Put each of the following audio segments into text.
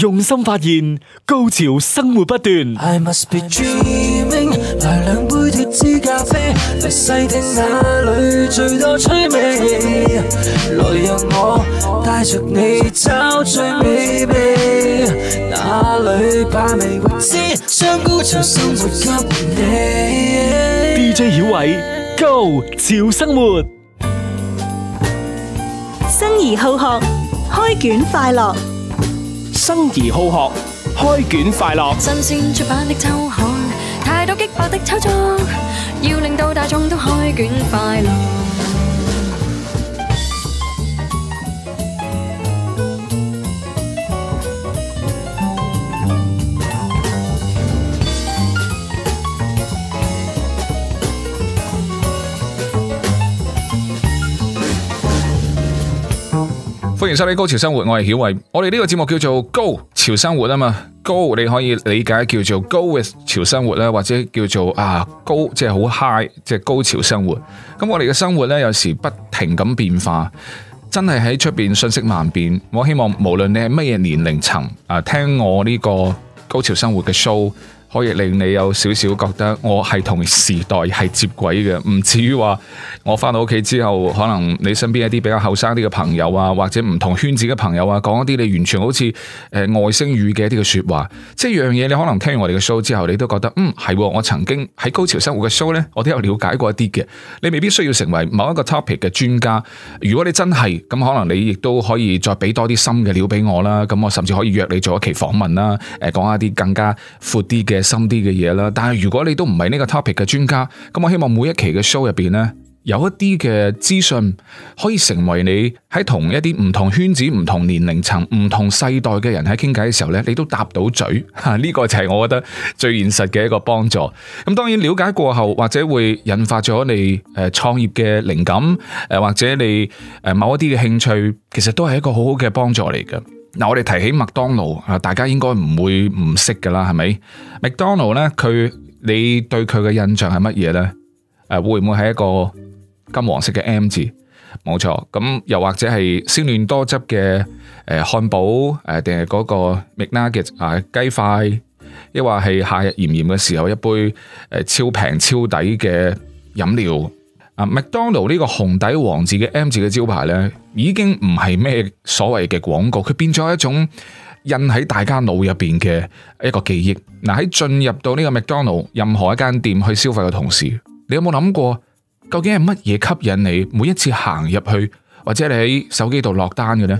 用心發現，高潮生活不斷。I must be dreaming，來兩杯脱脂咖啡，來細聽那裏最多趣味。來讓我帶着你找最美味，哪裏把味知？將高潮生活給你。DJ 曉偉，高潮生活，生而好學，開卷快樂。生而好學，開卷快樂。新鮮出版的周刊，太多激爆的炒作，要令到大眾都開卷快樂。其實你高潮生活，我係曉慧，我哋呢個節目叫做《高潮生活》啊嘛，高你可以理解叫做《Go with 潮生活》啦，或者叫做啊高，即係好 high，即係高潮生活。咁我哋嘅生活呢，有時不停咁變化，真係喺出邊瞬息萬變。我希望無論你係乜嘢年齡層啊，聽我呢個高潮生活嘅 show。可以令你有少少覺得我係同時代係接軌嘅，唔至於話我翻到屋企之後可能你身邊一啲比較後生啲嘅朋友啊，或者唔同圈子嘅朋友啊，講一啲你完全好似誒外星語嘅一啲嘅說話，即係樣嘢你可能聽完我哋嘅 show 之後你都覺得嗯係喎，我曾經喺高潮生活嘅 show 咧，我都有了解過一啲嘅。你未必需要成為某一個 topic 嘅專家，如果你真係咁，可能你亦都可以再俾多啲新嘅料俾我啦。咁我甚至可以約你做一期訪問啦，誒講一啲更加闊啲嘅。深啲嘅嘢啦，但係如果你都唔係呢個 topic 嘅專家，咁我希望每一期嘅 show 入邊呢，有一啲嘅資訊可以成為你喺同一啲唔同圈子、唔同年齡層、唔同世代嘅人喺傾偈嘅時候呢，你都搭到嘴吓，呢、這個就係我覺得最現實嘅一個幫助。咁當然了解過後，或者會引發咗你誒創業嘅靈感，誒或者你誒某一啲嘅興趣，其實都係一個好好嘅幫助嚟嘅。嗱，我哋提起麥當勞啊，大家應該唔會唔識㗎喇，係咪？麥當勞咧，佢你對佢嘅印象係乜嘢咧？誒，會唔會係一個金黃色嘅 M 字？冇錯。咁又或者係鮮嫩多汁嘅誒漢堡，誒定係嗰個 McNuggets 啊雞塊，亦或係夏日炎炎嘅時候一杯誒超平超抵嘅飲料。麥當勞呢個紅底黃字嘅 M 字嘅招牌呢，已經唔係咩所謂嘅廣告，佢變咗一種印喺大家腦入邊嘅一個記憶。嗱，喺進入到呢個麥當勞任何一間店去消費嘅同時，你有冇諗過，究竟係乜嘢吸引你每一次行入去，或者你喺手機度落單嘅呢？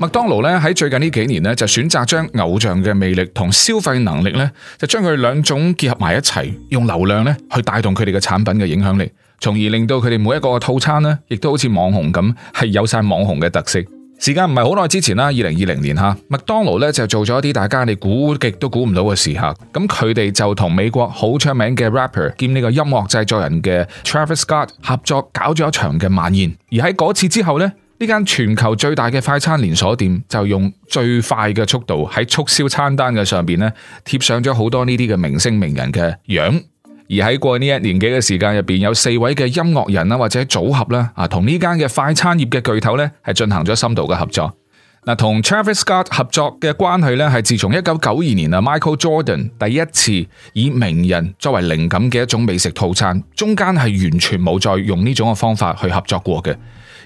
麥當勞咧，喺最近呢幾年咧就選擇將偶像嘅魅力同消費能力咧，就將佢兩種結合埋一齊，用流量咧去帶動佢哋嘅產品嘅影響力，從而令到佢哋每一個套餐咧，亦都好似網紅咁，係有晒網紅嘅特色。時間唔係好耐之前啦，二零二零年吓，麥當勞咧就做咗一啲大家你估極都估唔到嘅事吓，咁佢哋就同美國好出名嘅 rapper 兼呢個音樂製作人嘅 Travis Scott 合作搞咗一場嘅晚宴，而喺嗰次之後咧。呢間全球最大嘅快餐連鎖店就用最快嘅速度喺促銷餐單嘅上邊咧貼上咗好多呢啲嘅明星名人嘅樣，而喺過呢一年幾嘅時間入邊，有四位嘅音樂人啦或者組合啦啊，同呢間嘅快餐業嘅巨頭咧係進行咗深度嘅合作。嗱，同 Travis Scott 合作嘅關係咧係自從一九九二年啊 Michael Jordan 第一次以名人作為靈感嘅一種美食套餐，中間係完全冇再用呢種嘅方法去合作過嘅。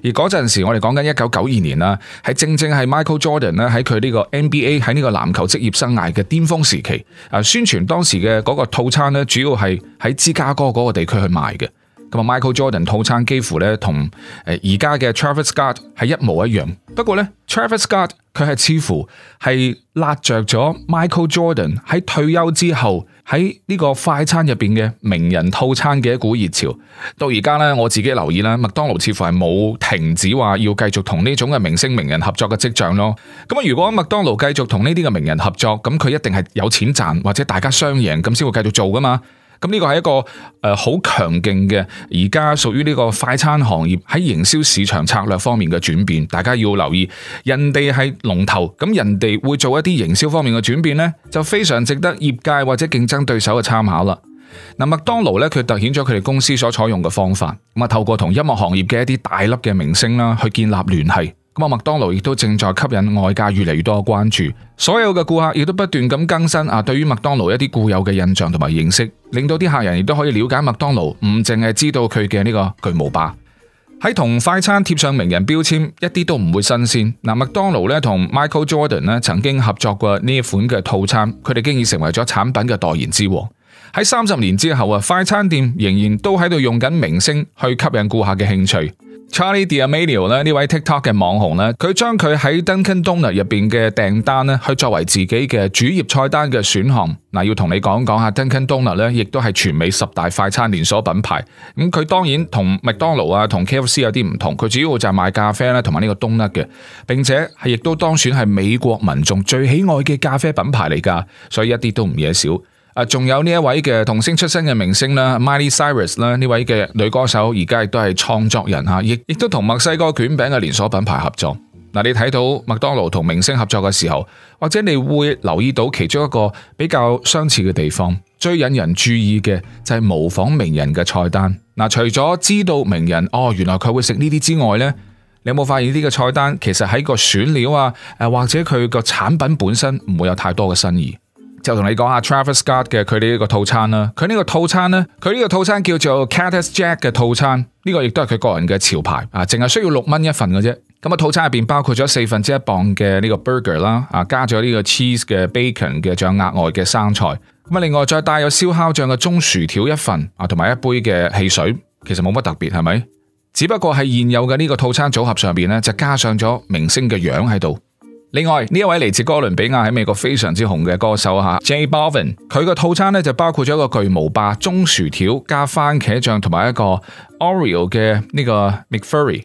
而嗰陣時，我哋講緊一九九二年啦，係正正係 Michael Jordan 喺佢呢個 NBA 喺呢個籃球職業生涯嘅巔峰時期，啊宣傳當時嘅嗰個套餐呢，主要係喺芝加哥嗰個地區去賣嘅。咁啊，Michael Jordan 套餐幾乎咧同誒而家嘅 Travis Scott 係一模一樣。不過咧，Travis Scott 佢係似乎係辣着咗 Michael Jordan 喺退休之後喺呢個快餐入邊嘅名人套餐嘅一股熱潮。到而家咧，我自己留意啦，麥當勞似乎係冇停止話要繼續同呢種嘅明星名人合作嘅跡象咯。咁啊，如果麥當勞繼續同呢啲嘅名人合作，咁佢一定係有錢賺或者大家雙贏，咁先會繼續做㗎嘛。咁呢個係一個誒好強勁嘅，而家屬於呢個快餐行業喺營銷市場策略方面嘅轉變，大家要留意，人哋係龍頭，咁人哋會做一啲營銷方面嘅轉變呢，就非常值得業界或者競爭對手嘅參考啦。嗱，麥當勞咧，佢凸顯咗佢哋公司所採用嘅方法，咁啊透過同音樂行業嘅一啲大粒嘅明星啦，去建立聯繫。咁啊，麥當勞亦都正在吸引外界越嚟越多嘅關注，所有嘅顧客亦都不斷咁更新啊，對於麥當勞一啲固有嘅印象同埋認識，令到啲客人亦都可以了解麥當勞，唔淨係知道佢嘅呢個巨無霸。喺同快餐貼上名人標籤，一啲都唔會新鮮。嗱，麥當勞咧同 Michael Jordan 咧曾經合作過呢一款嘅套餐，佢哋經已成為咗產品嘅代言之王。喺三十年之後啊，快餐店仍然都喺度用緊明星去吸引顧客嘅興趣。Charlie D'Amelio 呢位 TikTok 嘅網紅呢，佢將佢喺 Dunkin Donuts 入邊嘅訂單呢，去作為自己嘅主頁菜單嘅選項。嗱，要同你講講下 Dunkin Donuts 呢，亦都係全美十大快餐連鎖品牌。咁佢當然同麥當勞啊，同 KFC 有啲唔同。佢主要就係賣咖啡啦，同埋呢個冬甩嘅。並且係亦都當選係美國民眾最喜愛嘅咖啡品牌嚟噶，所以一啲都唔嘢少。仲有呢一位嘅童星出身嘅明星啦，Miley Cyrus 啦，呢位嘅女歌手而家亦都係創作人吓，亦亦都同墨西哥捲餅嘅連鎖品牌合作。嗱，你睇到麥當勞同明星合作嘅時候，或者你會留意到其中一個比較相似嘅地方，最引人注意嘅就係模仿名人嘅菜單。嗱，除咗知道名人哦，原來佢會食呢啲之外呢，你有冇發現呢個菜單其實喺個選料啊，或者佢個產品本身唔會有太多嘅新意？就同你講下 Travis Scott 嘅佢呢一個套餐啦，佢呢個套餐呢，佢呢個套餐叫做 Cactus Jack 嘅套餐，呢、這個亦都係佢個人嘅潮牌啊，淨係需要六蚊一份嘅啫。咁啊，套餐入邊包括咗四分之一磅嘅呢個 burger 啦，啊加咗呢個 cheese 嘅 bacon 嘅，仲有額外嘅生菜。咁啊，另外再帶有燒烤醬嘅中薯條一份啊，同埋一杯嘅汽水。其實冇乜特別係咪？只不過係現有嘅呢個套餐組合上邊呢，就加上咗明星嘅樣喺度。另外呢一位嚟自哥倫比亞喺美國非常之紅嘅歌手吓，J Balvin, 佢個套餐呢就包括咗一個巨無霸、中薯條加番茄醬同埋一個 Oreo 嘅呢個 McFurry。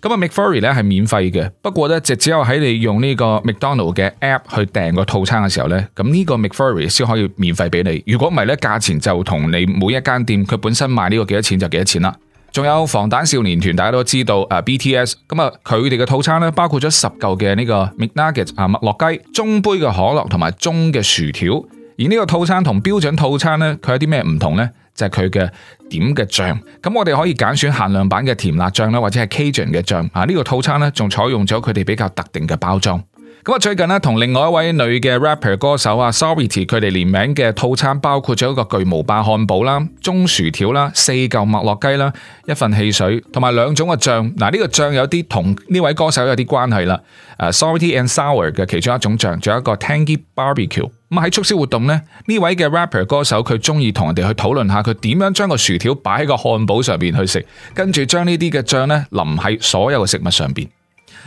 咁啊 McFurry 呢係免費嘅，不過呢就只有喺你用呢個 McDonald 嘅 app 去訂個套餐嘅時候呢，咁呢個 McFurry 先可以免費俾你。如果唔係呢，價錢就同你每一間店佢本身賣呢個幾多錢就幾多錢啦。仲有防彈少年團，大家都知道啊，BTS。咁啊，佢哋嘅套餐咧，包括咗十嚿嘅呢個 McNugget 啊，麥樂雞，中杯嘅可樂同埋中嘅薯條。而呢個套餐同標準套餐呢，佢有啲咩唔同呢？就係佢嘅點嘅醬。咁我哋可以揀選限量版嘅甜辣醬啦，或者係 Cajun 嘅醬啊。呢、呢個套餐呢，仲採用咗佢哋比較特定嘅包裝。咁啊，最近咧同另外一位女嘅 rapper 歌手啊，Sorryty，佢哋聯名嘅套餐包括咗一個巨無霸漢堡啦、中薯條啦、四嚿麥樂雞啦、一份汽水，同埋兩種嘅醬。嗱、這個，呢個醬有啲同呢位歌手有啲關係啦。Sorryty and Sour 嘅其中一種醬，仲有一個 Tangy Barbecue、嗯。咁喺促銷活動呢，呢位嘅 rapper 歌手佢中意同人哋去討論下，佢點樣將個薯條擺喺個漢堡上邊去食，跟住將呢啲嘅醬呢淋喺所有嘅食物上邊。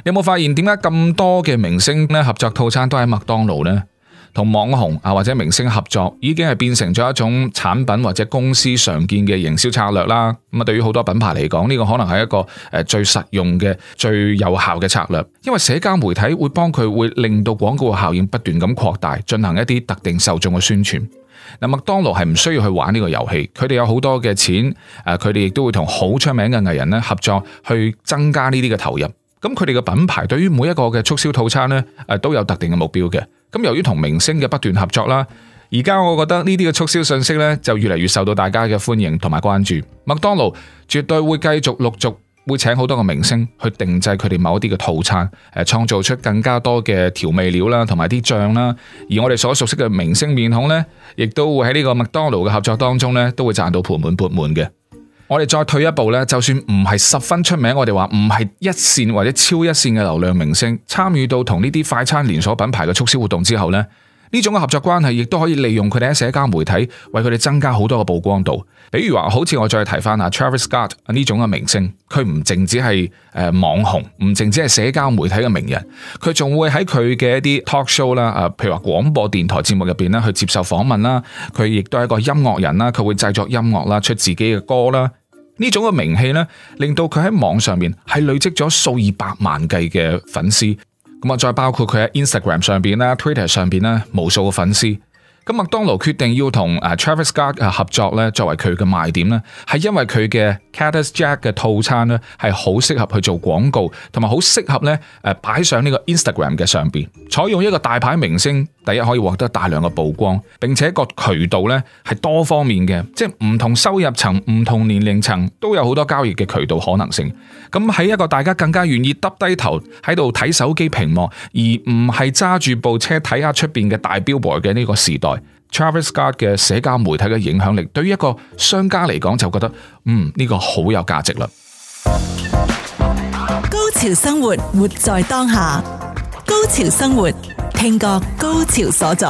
有冇發現點解咁多嘅明星咧，合作套餐都喺麥當勞呢？同網紅啊或者明星合作，已經係變成咗一種產品或者公司常見嘅營銷策略啦。咁、嗯、啊，對於好多品牌嚟講，呢個可能係一個誒最實用嘅、最有效嘅策略，因為社交媒體會幫佢會令到廣告效應不斷咁擴大，進行一啲特定受眾嘅宣傳。嗱，麥當勞係唔需要去玩呢個遊戲，佢哋有好多嘅錢，佢哋亦都會同好出名嘅藝人咧合作，去增加呢啲嘅投入。咁佢哋嘅品牌對於每一個嘅促銷套餐咧，誒都有特定嘅目標嘅。咁由於同明星嘅不斷合作啦，而家我覺得呢啲嘅促銷信息咧，就越嚟越受到大家嘅歡迎同埋關注。麥當勞絕對會繼續陸續會請好多嘅明星去定製佢哋某一啲嘅套餐，誒創造出更加多嘅調味料啦，同埋啲醬啦。而我哋所熟悉嘅明星面孔呢，亦都會喺呢個麥當勞嘅合作當中咧，都會賺到盆滿缽滿嘅。我哋再退一步咧，就算唔係十分出名，我哋話唔係一線或者超一線嘅流量明星，參與到同呢啲快餐連鎖品牌嘅促銷活動之後呢，呢種嘅合作關係亦都可以利用佢哋喺社交媒體為佢哋增加好多嘅曝光度。比如話，好似我再提翻啊 Travis Scott 呢種嘅明星，佢唔淨止係誒網紅，唔淨止係社交媒體嘅名人，佢仲會喺佢嘅一啲 talk show 啦，譬如話廣播電台節目入邊咧去接受訪問啦，佢亦都係一個音樂人啦，佢會製作音樂啦，出自己嘅歌啦。種呢種嘅名氣咧，令到佢喺網上面係累積咗數以百萬計嘅粉絲，咁啊，再包括佢喺 Instagram 上邊啦、Twitter 上邊啦，無數嘅粉絲。咁麥當勞決定要同誒 Travis Scott 合作咧，作為佢嘅賣點呢係因為佢嘅 Cactus Jack 嘅套餐咧係好適合去做廣告，同埋好適合呢誒擺上呢個 Instagram 嘅上邊，採用一個大牌明星。第一，可以獲得大量嘅曝光，並且個渠道呢係多方面嘅，即係唔同收入層、唔同年齡層都有好多交易嘅渠道可能性。咁喺一個大家更加願意耷低頭喺度睇手機屏幕，而唔係揸住部車睇下出邊嘅大標牌嘅呢個時代，Travis Scott 嘅社交媒體嘅影響力，對於一個商家嚟講就覺得嗯呢個好有價值啦。高潮生活，活在當下。高潮生活。興國高潮所在。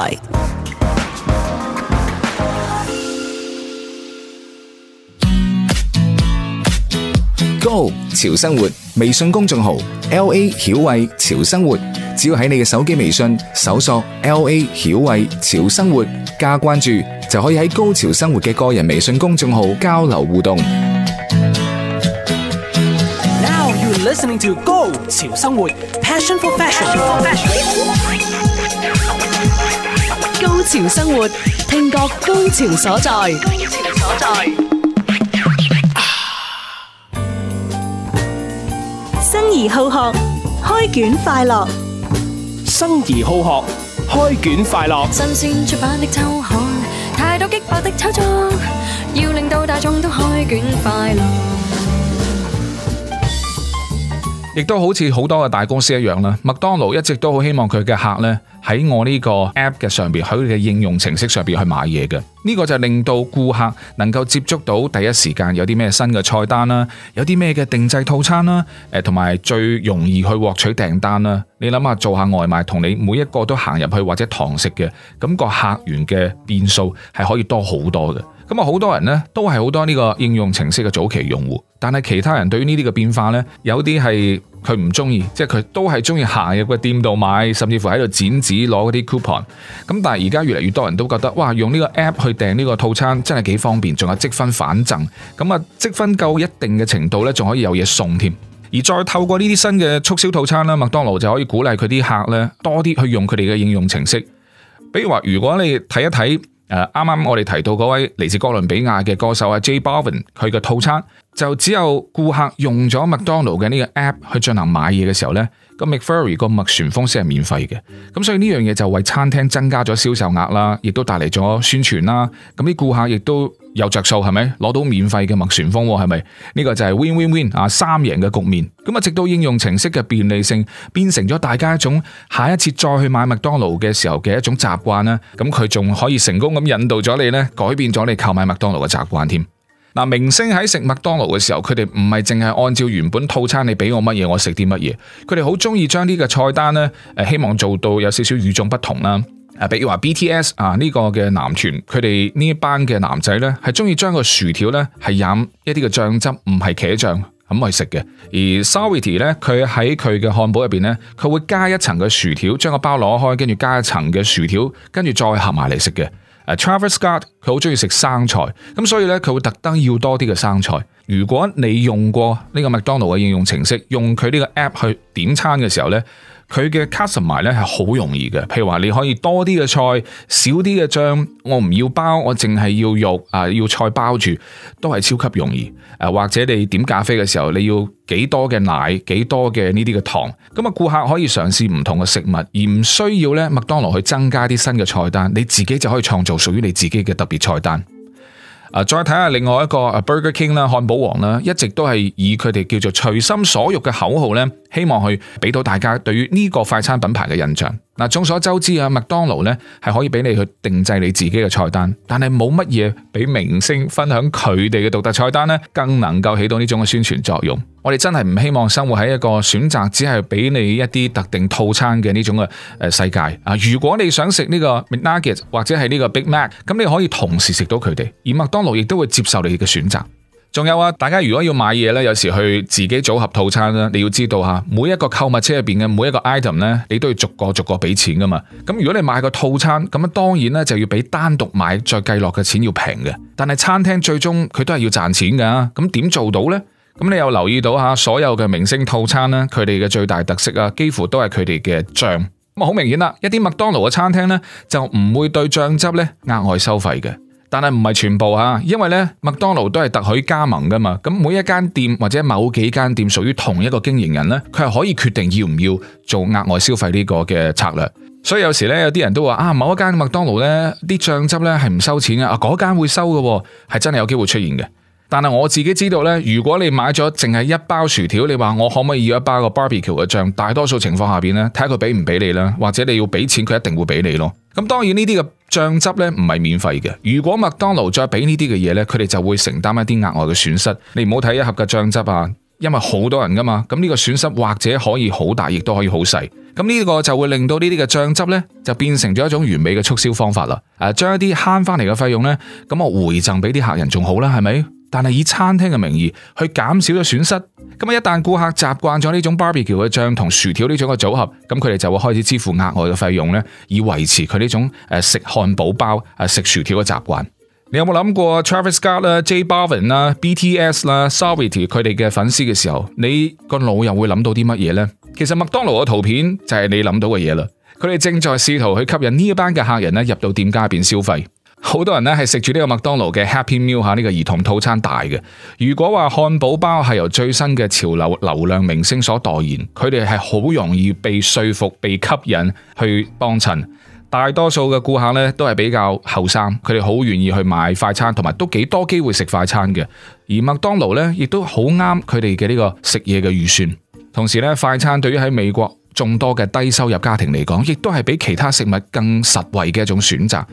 Go 潮生活微信公眾號 L A 曉慧潮生活，只要喺你嘅手機微信搜索 L A 曉慧潮生活加關注，就可以喺高潮生活嘅個人微信公眾號交流互動。Now you are listening to Go 潮生活，Passion for Fashion。高潮生活，聽覺高潮所在。高潮所在。生而好學，開卷快樂。生而好學，開卷快樂。新鮮出版的週刊，太多激爆的炒作，要令到大眾都開卷快樂。亦都好似好多嘅大公司一樣啦，麥當勞一直都好希望佢嘅客呢。喺我呢個 App 嘅上邊，喺你嘅應用程式上邊去買嘢嘅，呢個就令到顧客能夠接觸到第一時間有啲咩新嘅菜單啦，有啲咩嘅定製套餐啦，誒同埋最容易去獲取訂單啦。你諗下做下外賣同你每一個都行入去或者堂食嘅，咁個客源嘅變數係可以多好多嘅。咁啊，好多人呢，都係好多呢個應用程式嘅早期用戶，但係其他人對於呢啲嘅變化呢，有啲係。佢唔中意，即係佢都係中意行入個店度買，甚至乎喺度剪紙攞嗰啲 coupon。咁但係而家越嚟越多人都覺得，哇！用呢個 app 去訂呢個套餐真係幾方便，仲有積分反贈。咁啊，積分夠一定嘅程度呢，仲可以有嘢送添。而再透過呢啲新嘅促銷套餐啦，麥當勞就可以鼓勵佢啲客呢，多啲去用佢哋嘅應用程式。比如話，如果你睇一睇。誒，啱啱我哋提到嗰位嚟自哥倫比亞嘅歌手阿 Jay Bavin，佢嘅套餐就只有顧客用咗麥當勞嘅呢個 app 去進行買嘢嘅時候咧。咁 McFlurry 個麥旋風先係免費嘅，咁所以呢樣嘢就為餐廳增加咗銷售額啦，亦都帶嚟咗宣傳啦。咁啲顧客亦都有着數，係咪攞到免費嘅麥旋風喎？係咪呢個就係 win win win 啊三贏嘅局面？咁啊，直到應用程式嘅便利性變成咗大家一種下一次再去買麥當勞嘅時候嘅一種習慣啦。咁佢仲可以成功咁引導咗你呢，改變咗你購買麥當勞嘅習慣添。嗱，明星喺食麥當勞嘅時候，佢哋唔係淨係按照原本套餐你俾我乜嘢，我食啲乜嘢。佢哋好中意將呢個菜單呢，誒希望做到有少少與眾不同啦。啊，比如話 BTS 啊呢個嘅男團，佢哋呢一班嘅男仔呢，係中意將個薯條呢，係飲一啲嘅醬汁，唔係茄醬咁去食嘅。而 Saweetie 呢，佢喺佢嘅漢堡入邊呢，佢會加一層嘅薯條，將個包攞開，跟住加一層嘅薯條，跟住再合埋嚟食嘅。Travis Scott 佢好中意食生菜，咁所以咧，佢會特登要多啲嘅生菜。如果你用過呢個麥當勞嘅應用程式，用佢呢個 app 去點餐嘅時候咧。佢嘅 customize 咧係好容易嘅，譬如話你可以多啲嘅菜，少啲嘅醬，我唔要包，我淨係要肉啊，要菜包住都係超級容易。誒、啊、或者你點咖啡嘅時候，你要幾多嘅奶，幾多嘅呢啲嘅糖，咁啊顧客可以嘗試唔同嘅食物，而唔需要咧麥當勞去增加啲新嘅菜單，你自己就可以創造屬於你自己嘅特別菜單。誒、啊、再睇下另外一個 Burger King 啦，漢堡王啦，一直都係以佢哋叫做隨心所欲嘅口號咧。希望去俾到大家對於呢個快餐品牌嘅印象。嗱，眾所周知啊，麥當勞呢係可以俾你去定製你自己嘅菜單，但係冇乜嘢比明星分享佢哋嘅獨特菜單呢，更能夠起到呢種嘅宣傳作用。我哋真係唔希望生活喺一個選擇只係俾你一啲特定套餐嘅呢種嘅誒世界啊！如果你想食呢個 McNuggets 或者係呢個 Big Mac，咁你可以同時食到佢哋，而麥當勞亦都會接受你嘅選擇。仲有啊，大家如果要買嘢咧，有時去自己組合套餐啦，你要知道吓，每一個購物車入邊嘅每一個 item 咧，你都要逐個逐個俾錢噶嘛。咁如果你買個套餐，咁樣當然咧就要比單獨買再計落嘅錢要平嘅。但係餐廳最終佢都係要賺錢噶，咁點做到呢？咁你又留意到吓，所有嘅明星套餐咧，佢哋嘅最大特色啊，幾乎都係佢哋嘅醬。咁好明顯啦，一啲麥當勞嘅餐廳咧就唔會對醬汁咧額外收費嘅。但係唔係全部啊，因為咧麥當勞都係特許加盟㗎嘛，咁每一間店或者某幾間店屬於同一個經營人咧，佢係可以決定要唔要做額外消費呢個嘅策略。所以有時咧，有啲人都話啊，某一間麥當勞咧啲醬汁咧係唔收錢啊，嗰間會收嘅，係真係有機會出現嘅。但係我自己知道咧，如果你買咗淨係一包薯條，你話我可唔可以要一包個 barbecue 嘅醬？大多數情況下面咧，睇下佢俾唔俾你啦，或者你要俾錢，佢一定會俾你咯。咁當然呢啲嘅。醬汁咧唔係免費嘅，如果麥當勞再俾呢啲嘅嘢咧，佢哋就會承擔一啲額外嘅損失。你唔好睇一盒嘅醬汁啊，因為好多人㗎嘛，咁呢個損失或者可以好大，亦都可以好細。咁呢個就會令到呢啲嘅醬汁咧就變成咗一種完美嘅促銷方法啦。誒、啊，將一啲慳返嚟嘅費用咧，咁我回贈俾啲客人仲好啦，係咪？但係以餐廳嘅名義去減少咗損失。咁啊！一旦顧客習慣咗呢種 barbecue 嘅醬同薯條呢種嘅組合，咁佢哋就會開始支付額外嘅費用咧，以維持佢呢種誒食漢堡包啊食薯條嘅習慣。你有冇諗過 Travis Scott 啦、J. Balvin 啦、BTS 啦、Saweetie 佢哋嘅粉絲嘅時候，你個腦又會諗到啲乜嘢呢？其實麥當勞嘅圖片就係你諗到嘅嘢啦。佢哋正在試圖去吸引呢一班嘅客人咧入到店家入邊消費。好多人咧，係食住呢個麥當勞嘅 Happy Meal 吓，呢個兒童套餐大嘅。如果話漢堡包係由最新嘅潮流流量明星所代言，佢哋係好容易被說服、被吸引去幫襯。大多數嘅顧客呢都係比較後生，佢哋好願意去買快餐，同埋都幾多機會食快餐嘅。而麥當勞呢，亦都好啱佢哋嘅呢個食嘢嘅預算。同時呢，快餐對於喺美國眾多嘅低收入家庭嚟講，亦都係比其他食物更實惠嘅一種選擇。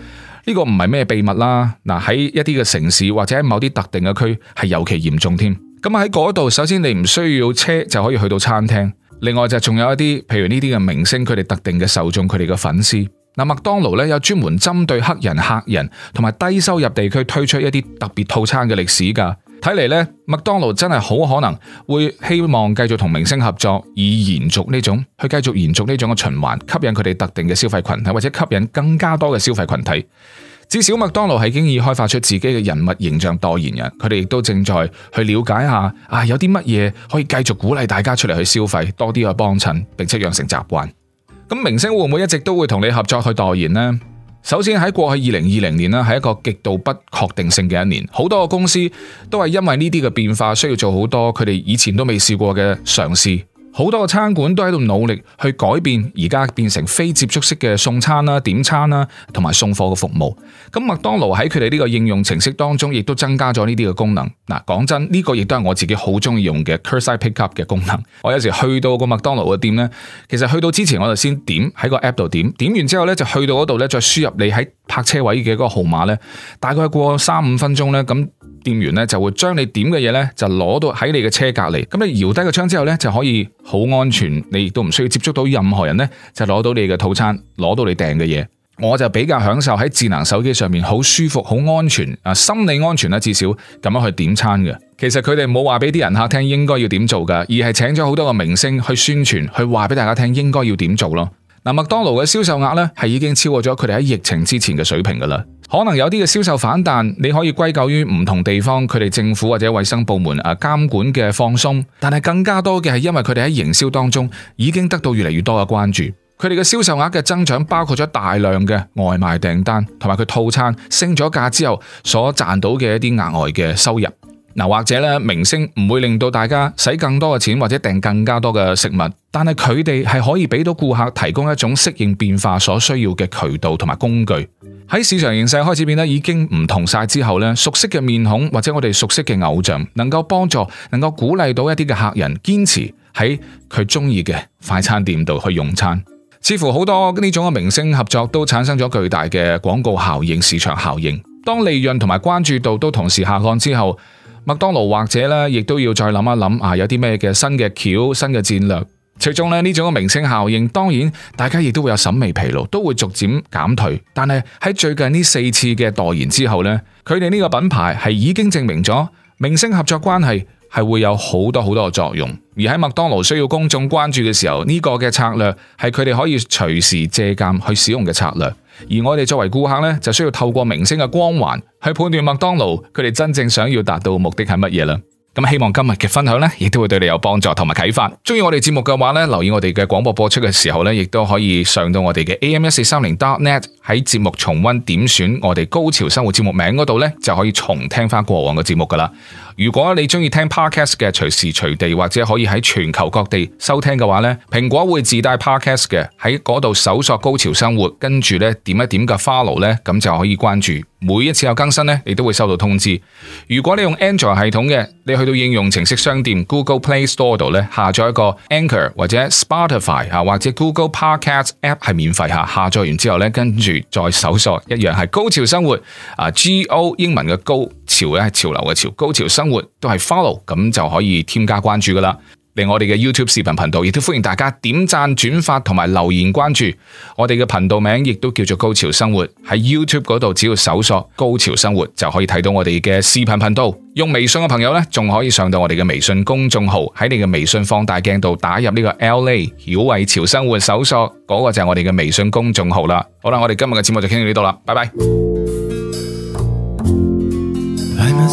呢個唔係咩秘密啦，嗱，喺一啲嘅城市或者喺某啲特定嘅區係尤其嚴重添。咁喺嗰度，首先你唔需要車就可以去到餐廳，另外就仲有一啲，譬如呢啲嘅明星佢哋特定嘅受眾，佢哋嘅粉絲。嗱，麥當勞咧有專門針對黑人、黑人同埋低收入地區推出一啲特別套餐嘅歷史㗎。睇嚟呢，麥當勞真係好可能會希望繼續同明星合作，以延續呢種去繼續延續呢種嘅循環，吸引佢哋特定嘅消費群體，或者吸引更加多嘅消費群體。至少麥當勞係已經已開發出自己嘅人物形象代言人，佢哋亦都正在去了解下，啊有啲乜嘢可以繼續鼓勵大家出嚟去消費，多啲去幫襯，並且養成習慣。咁明星會唔會一直都會同你合作去代言呢？首先，喺過去二零二零年啦，係一個極度不確定性嘅一年，好多公司都係因為呢啲嘅變化，需要做好多佢哋以前都未試過嘅嘗試。好多嘅餐館都喺度努力去改變，而家變成非接觸式嘅送餐啦、點餐啦，同埋送貨嘅服務。咁麥當勞喺佢哋呢個應用程式當中，亦都增加咗呢啲嘅功能。嗱，講真，呢個亦都係我自己好中意用嘅 Curbside Pickup 嘅功能。我有時去到個麥當勞嘅店呢，其實去到之前我就先點喺個 app 度點，點完之後呢就去到嗰度呢，再輸入你喺泊車位嘅嗰個號碼咧，大概過三五分鐘呢。咁。店員咧就會將你點嘅嘢呢就攞到喺你嘅車隔籬，咁你搖低個窗之後呢，就可以好安全，你亦都唔需要接觸到任何人呢，就攞到你嘅套餐，攞到你訂嘅嘢。我就比較享受喺智能手機上面好舒服、好安全啊，心理安全啦，至少咁樣去點餐嘅。其實佢哋冇話俾啲人客聽應該要點做噶，而係請咗好多個明星去宣傳，去話俾大家聽應該要點做咯。嗱，麥當勞嘅銷售額咧係已經超過咗佢哋喺疫情之前嘅水平噶啦，可能有啲嘅銷售反彈，你可以歸咎於唔同地方，佢哋政府或者衛生部門誒監管嘅放鬆，但係更加多嘅係因為佢哋喺營銷當中已經得到越嚟越多嘅關注，佢哋嘅銷售額嘅增長包括咗大量嘅外賣訂單同埋佢套餐升咗價之後所賺到嘅一啲額外嘅收入。嗱，或者咧，明星唔會令到大家使更多嘅錢，或者訂更加多嘅食物。但係佢哋係可以俾到顧客提供一種適應變化所需要嘅渠道同埋工具。喺市場形勢開始變得已經唔同晒之後咧，熟悉嘅面孔或者我哋熟悉嘅偶像，能夠幫助能夠鼓勵到一啲嘅客人堅持喺佢中意嘅快餐店度去用餐。似乎好多呢種嘅明星合作都產生咗巨大嘅廣告效應、市場效應。當利潤同埋關注度都同時下降之後，麥當勞或者咧，亦都要再諗一諗啊，有啲咩嘅新嘅橋、新嘅戰略。最終咧，呢種嘅明星效應，當然大家亦都會有審美疲勞，都會逐漸減退。但係喺最近呢四次嘅代言之後呢，佢哋呢個品牌係已經證明咗，明星合作關係係會有好多好多嘅作用。而喺麥當勞需要公眾關注嘅時候，呢、這個嘅策略係佢哋可以隨時借鑒去使用嘅策略。而我哋作為顧客呢，就需要透過明星嘅光環去判斷麥當勞佢哋真正想要達到目的係乜嘢啦。咁希望今日嘅分享呢，亦都會對你有幫助同埋啟發。中意我哋節目嘅話呢，留意我哋嘅廣播播出嘅時候呢，亦都可以上到我哋嘅 am 一四三零 dot net 喺節目重溫點選我哋高潮生活節目名嗰度呢，就可以重聽翻過往嘅節目噶啦。如果你中意聽 Podcast 嘅，隨時隨地或者可以喺全球各地收聽嘅話呢，蘋果會自帶 Podcast 嘅，喺嗰度搜索高潮生活，跟住呢點一點嘅 follow 呢，咁就可以關注。每一次有更新呢，你都會收到通知。如果你用 Android 系統嘅，你去到應用程式商店 Google Play Store 度呢，下載一個 Anchor 或者 Spotify 啊，或者 Google Podcast App 係免費吓，下載完之後呢，跟住再搜索一樣係高潮生活啊，G O 英文嘅高。潮咧，係潮流嘅潮，高潮生活都係 follow，咁就可以添加關注噶啦。嚟，我哋嘅 YouTube 視頻頻道，亦都歡迎大家點讚、轉發同埋留言關注，我哋嘅頻道名，亦都叫做高潮生活。喺 YouTube 嗰度，只要搜索高潮生活就可以睇到我哋嘅視頻頻道。用微信嘅朋友呢，仲可以上到我哋嘅微信公眾號，喺你嘅微信放大鏡度打入呢個 LA 曉慧潮生活搜索，嗰個就係我哋嘅微信公眾號啦。好啦，我哋今日嘅節目就傾到呢度啦，拜拜。